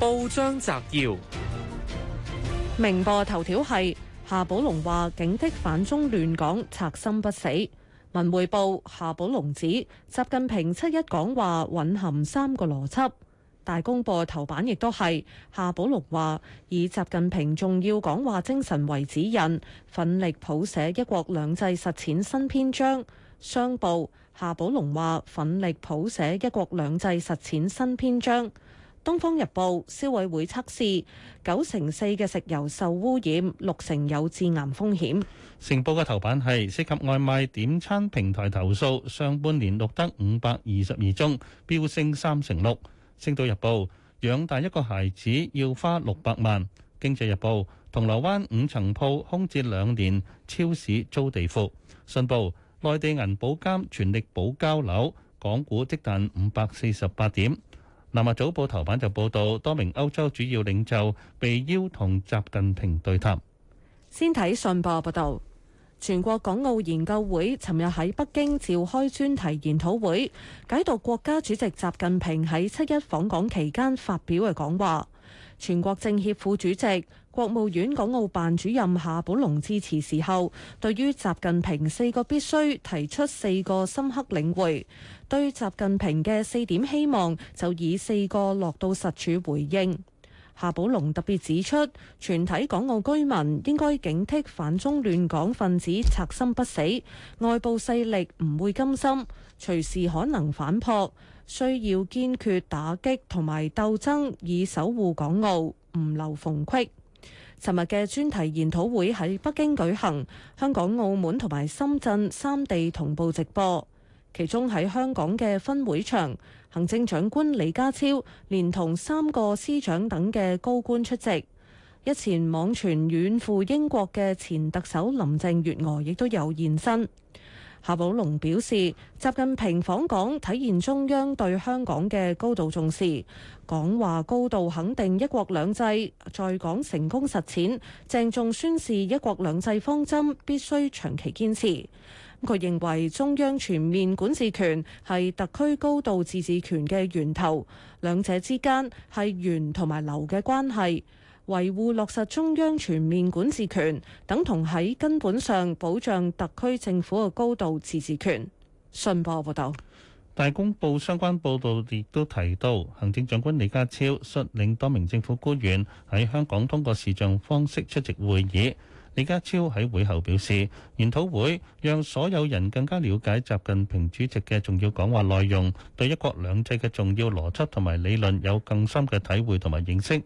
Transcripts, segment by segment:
報章摘要：明報頭條係夏寶龍話，警惕反中亂港，賊心不死。文匯報夏寶龍指，習近平七一講話蘊含三個邏輯。大公報頭版亦都係夏寶龍話，以習近平重要講話精神為指引，奮力譜寫一國兩制實踐新篇章。商報夏寶龍話，奮力譜寫一國兩制實踐新篇章。《東方日報》消委會測試，九成四嘅食油受污染，六成有致癌風險。《成報》嘅頭版係涉及外賣點餐平台投訴，上半年錄得五百二十二宗，飆升三成六，《星島日報》。養大一個孩子要花六百萬。《經濟日報》銅鑼灣五層鋪空置兩年，超市租地庫。《信報》內地銀保監全力保交樓，港股即彈五百四十八點。《南華早報》頭版就報道，多名歐洲主要領袖被邀同習近平對談。先睇信報報道，全國港澳研究會尋日喺北京召開專題研討會，解讀國家主席習近平喺七一訪港期間發表嘅講話。全國政協副主席、國務院港澳辦主任夏寶龍致辭時候，對於習近平四個必須提出四個深刻領會，對習近平嘅四點希望就以四個落到實處回應。夏寶龍特別指出，全體港澳居民應該警惕反中亂港分子賊心不死，外部勢力唔會甘心，隨時可能反撲，需要堅決打擊同埋鬥爭，以守護港澳，唔留縫隙。尋日嘅專題研討會喺北京舉行，香港、澳門同埋深圳三地同步直播，其中喺香港嘅分會場。行政長官李家超連同三個司長等嘅高官出席，一前網傳遠赴英國嘅前特首林鄭月娥亦都有現身。夏寶龍表示，習近平訪港體現中央對香港嘅高度重視，講話高度肯定一國兩制在港成功實踐，鄭重宣示一國兩制方針必須長期堅持。佢認為中央全面管治權係特區高度自治權嘅源頭，兩者之間係源同埋流嘅關係。維護落實中央全面管治權，等同喺根本上保障特區政府嘅高度自治權。信報報道，大公報相關報導亦都提到，行政長官李家超率領多名政府官員喺香港通過視像方式出席會議。李家超喺會後表示，研討會讓所有人更加了解習近平主席嘅重要講話內容，對一國兩制嘅重要邏輯同埋理論有更深嘅體會同埋認識。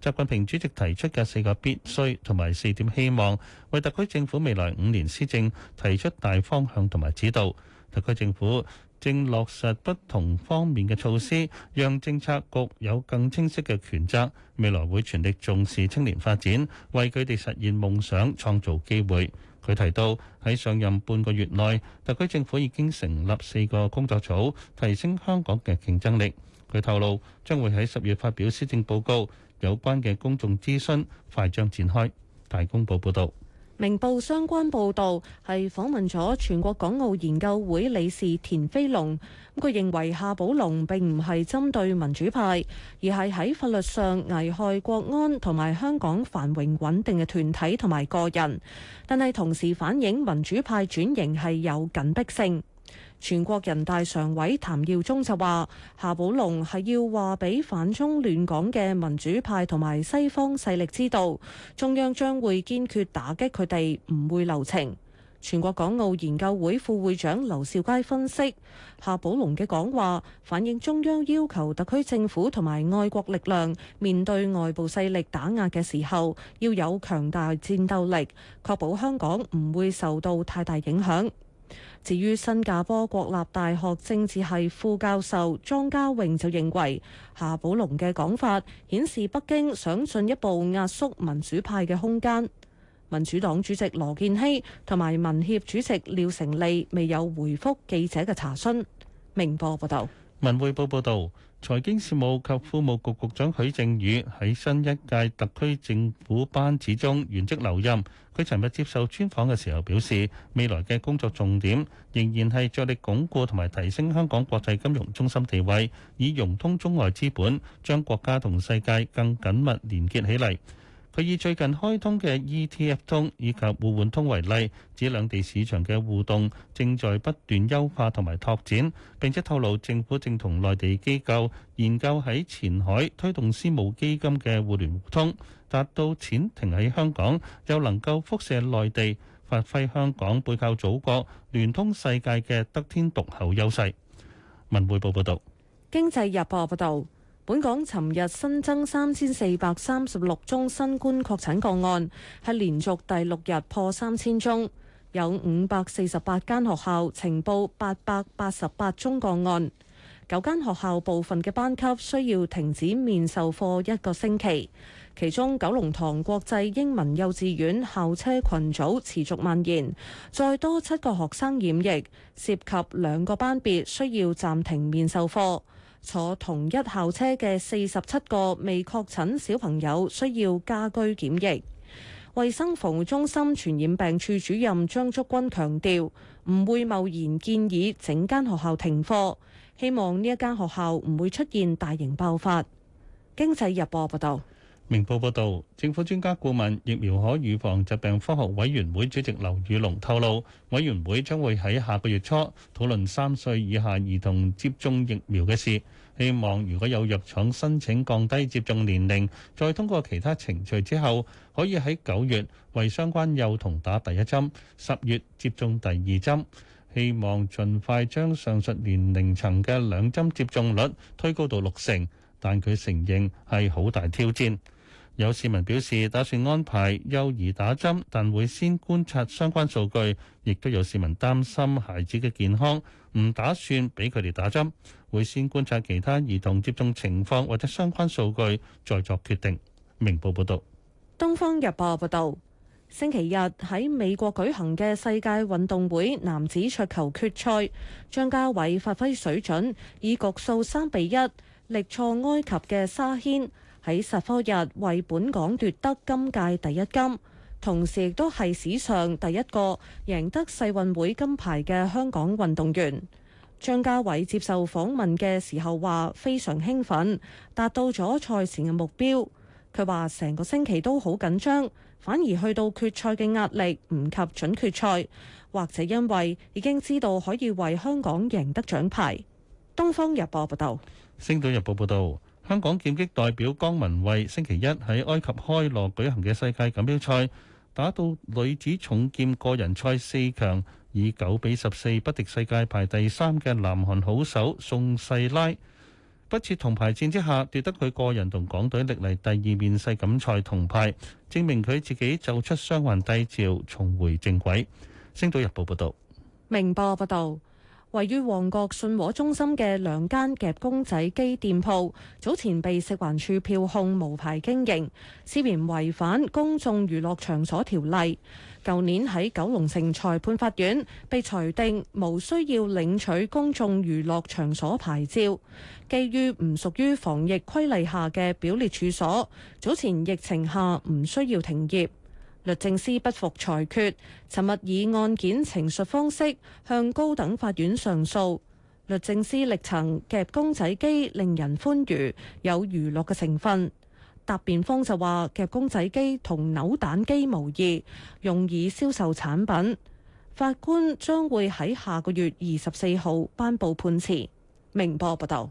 習近平主席提出嘅四個必須同埋四點希望，為特區政府未來五年施政提出大方向同埋指導。特區政府。正落實不同方面嘅措施，讓政策局有更清晰嘅權責，未來會全力重視青年發展，為佢哋實現夢想創造機會。佢提到喺上任半個月內，特區政府已經成立四個工作組，提升香港嘅競爭力。佢透露將會喺十月發表施政報告，有關嘅公眾諮詢快將展開。大公報報道。明報相關報導係訪問咗全國港澳研究會理事田飛龍，佢認為夏寶龍並唔係針對民主派，而係喺法律上危害國安同埋香港繁榮穩定嘅團體同埋個人，但係同時反映民主派轉型係有緊迫性。全國人大常委譚耀宗就話：夏寶龍係要話俾反中亂港嘅民主派同埋西方勢力知道，中央將會堅決打擊佢哋，唔會留情。全國港澳研究會副會長劉兆佳分析，夏寶龍嘅講話反映中央要求特區政府同埋外國力量面對外部勢力打壓嘅時候，要有強大戰鬥力，確保香港唔會受到太大影響。至於新加坡國立大學政治系副教授莊家穎就認為，夏寶龍嘅講法顯示北京想進一步壓縮民主派嘅空間。民主黨主席羅健熙同埋民協主席廖成利未有回覆記者嘅查詢。明報報道。文匯報報道，財經事務及庫務局局長許正宇喺新一屆特區政府班子中原職留任。佢尋日接受專訪嘅時候表示，未來嘅工作重點仍然係着力鞏固同埋提升香港國際金融中心地位，以融通中外資本，將國家同世界更緊密連結起嚟。佢以最近開通嘅 ETF 通以及互換通為例，指兩地市場嘅互動正在不斷優化同埋拓展。並且透露，政府正同內地機構研究喺前海推動私募基金嘅互聯互通，達到錢停喺香港又能夠輻射內地，發揮香港背靠祖國、聯通世界嘅得天獨厚優勢。文匯報報導。經濟日報報導。本港尋日新增三千四百三十六宗新冠確診個案，係連續第六日破三千宗。有五百四十八間學校呈報八百八十八宗個案，九間學校部分嘅班級需要停止面授課一個星期。其中九龍塘國際英文幼稚園校車群組持續蔓延，再多七個學生染疫，涉及兩個班別需要暫停面授課。坐同一校車嘅四十七個未確診小朋友需要家居檢疫。衛生防護中心傳染病處主任張竹君強調，唔會貿然建議整間學校停課，希望呢一間學校唔會出現大型爆發。經濟日報報道。明報報導，政府專家顧問疫苗可預防疾病科學委員會主席劉宇龍透露，委員會將會喺下個月初討論三歲以下兒童接種疫苗嘅事。希望如果有藥廠申請降低接種年齡，再通過其他程序之後，可以喺九月為相關幼童打第一針，十月接種第二針。希望盡快將上述年齡層嘅兩針接種率推高到六成，但佢承認係好大挑戰。有市民表示打算安排幼兒打針，但會先觀察相關數據，亦都有市民擔心孩子嘅健康，唔打算俾佢哋打針，會先觀察其他兒童接種情況或者相關數據再作決定。明報報道。東方日報報道，星期日喺美國舉行嘅世界運動會男子桌球決賽，張家偉發揮水準，以局數三比一力挫埃及嘅沙軒。喺十科日為本港奪得今屆第一金，同時亦都係史上第一個贏得世運會金牌嘅香港運動員。張家偉接受訪問嘅時候話：非常興奮，達到咗賽前嘅目標。佢話成個星期都好緊張，反而去到決賽嘅壓力唔及準決賽，或者因為已經知道可以為香港贏得獎牌。東方日報報道，星島日報報道。香港劍擊代表江文蔚星期一喺埃及開羅舉行嘅世界錦標賽，打到女子重劍個人賽四強，以九比十四不敵世界排第三嘅南韓好手宋世拉，不設銅牌戰之下奪得佢個人同港隊歷嚟第二面世錦賽銅牌，證明佢自己走出傷患低潮，重回正軌。星島日報報道。明報報道。位於旺角信和中心嘅兩間夾公仔機店鋪，早前被食環署票控無牌經營，涉嫌違反《公眾娛樂場所條例》。舊年喺九龍城裁判法院被裁定無需要領取公眾娛樂場所牌照，基於唔屬於防疫規例下嘅表列處所。早前疫情下唔需要停業。律政司不服裁決，尋日以案件陳述方式向高等法院上訴。律政司力陳夾公仔機令人歡愉，有娛樂嘅成分。答辯方就話夾公仔機同扭蛋機無異，用以銷售產品。法官將會喺下個月二十四號頒布判詞。明波報道。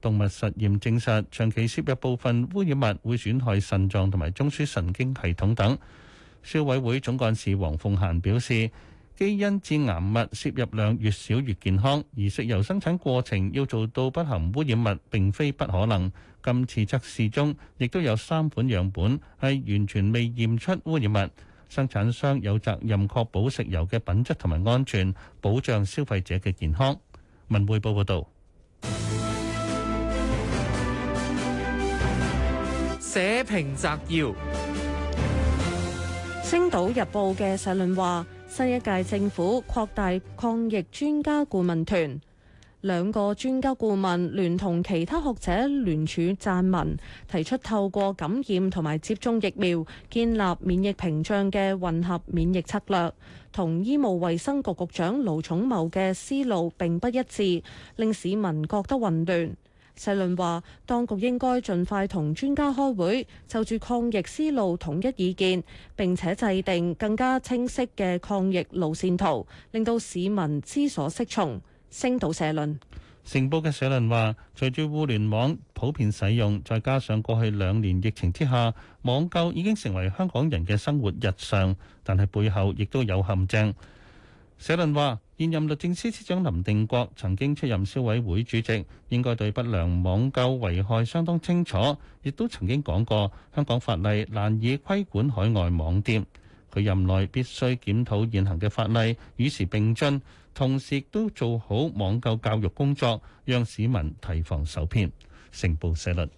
動物實驗證實，長期攝入部分污染物會損害腎臟同埋中樞神經系統等。消委會總幹事黃鳳嫻表示，基因致癌物攝入量越少越健康，而食油生產過程要做到不含污染物並非不可能。今次測試中，亦都有三款樣本係完全未驗出污染物。生產商有責任確保食油嘅品質同埋安全，保障消費者嘅健康。文匯報報道。報章摘要，《星島日報》嘅社論話：新一屆政府擴大抗疫專家顧問團，兩個專家顧問聯同其他學者聯署撰文，提出透過感染同埋接種疫苗建立免疫屏障嘅混合免疫策略，同醫務衛生局局長盧寵茂嘅思路並不一致，令市民覺得混亂。社論話：當局應該盡快同專家開會，就住抗疫思路統一意見，並且制定更加清晰嘅抗疫路線圖，令到市民知所適從。星島社論。成報嘅社論話：隨住互聯網普遍使用，再加上過去兩年疫情之下，網購已經成為香港人嘅生活日常，但係背後亦都有陷阱。社論話。現任律政司司長林定國曾經出任消委會主席，應該對不良網購危害相當清楚，亦都曾經講過香港法例難以規管海外網店。佢任內必須檢討現行嘅法例，與時並進，同時亦都做好網購教育工作，讓市民提防受騙。成報社論。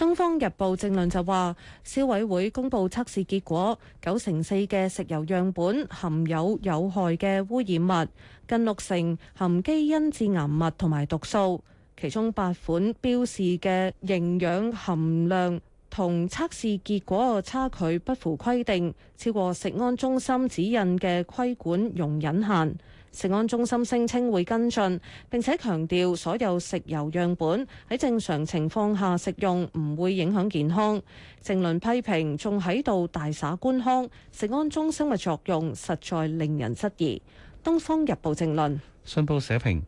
《東方日報》正論就話，消委會公布測試結果，九成四嘅食油樣本含有有害嘅污染物，近六成含基因致癌物同埋毒素，其中八款標示嘅營養含量同測試結果嘅差距不符規定，超過食安中心指引嘅規管容忍限。食安中心聲稱會跟進，並且強調所有食油樣本喺正常情況下食用唔會影響健康。政論批評仲喺度大撒官腔，食安中心嘅作用實在令人質疑。《東方日報政論》政論、信報社評，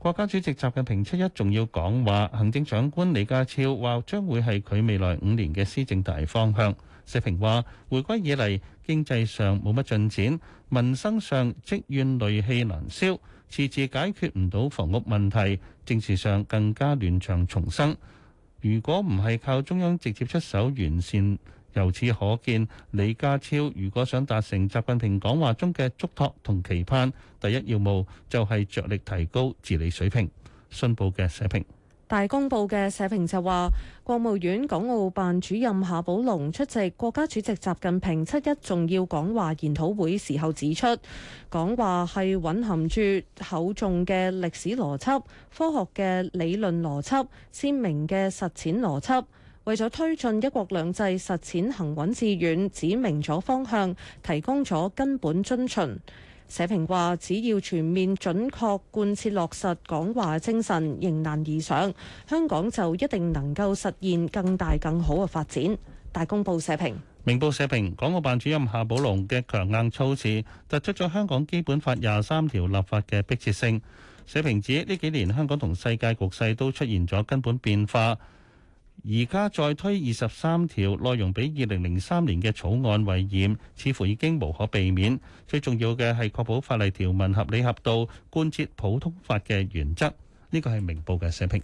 國家主席習近平七一重要講話，行政長官李家超話將會係佢未來五年嘅施政大方向。社評話：回歸以嚟，經濟上冇乜進展，民生上積怨累氣難消，次次解決唔到房屋問題，政治上更加亂象叢生。如果唔係靠中央直接出手完善，由此可見，李家超如果想達成習近平講話中嘅囑託同期盼，第一要務就係着力提高治理水平。信報嘅社評。大公報嘅社評就話，國務院港澳辦主任夏寶龍出席國家主席習近平七一重要講話研討會時候指出，講話係蘊含住厚重嘅歷史邏輯、科學嘅理論邏輯、鮮明嘅實踐邏輯，為咗推進一國兩制實踐行穩致遠，指明咗方向，提供咗根本遵循。社評話：只要全面準確貫徹落實講話精神，迎難而上，香港就一定能夠實現更大更好嘅發展。大公報社評、明報社評，港澳辦主任夏寶龍嘅強硬措辭，突出咗香港基本法廿三條立法嘅迫切性。社評指呢幾年香港同世界局勢都出現咗根本變化。而家再推二十三條，內容比二零零三年嘅草案為嚴，似乎已經無可避免。最重要嘅係確保法例條文合理合道，貫徹普通法嘅原則。呢個係明報嘅社評。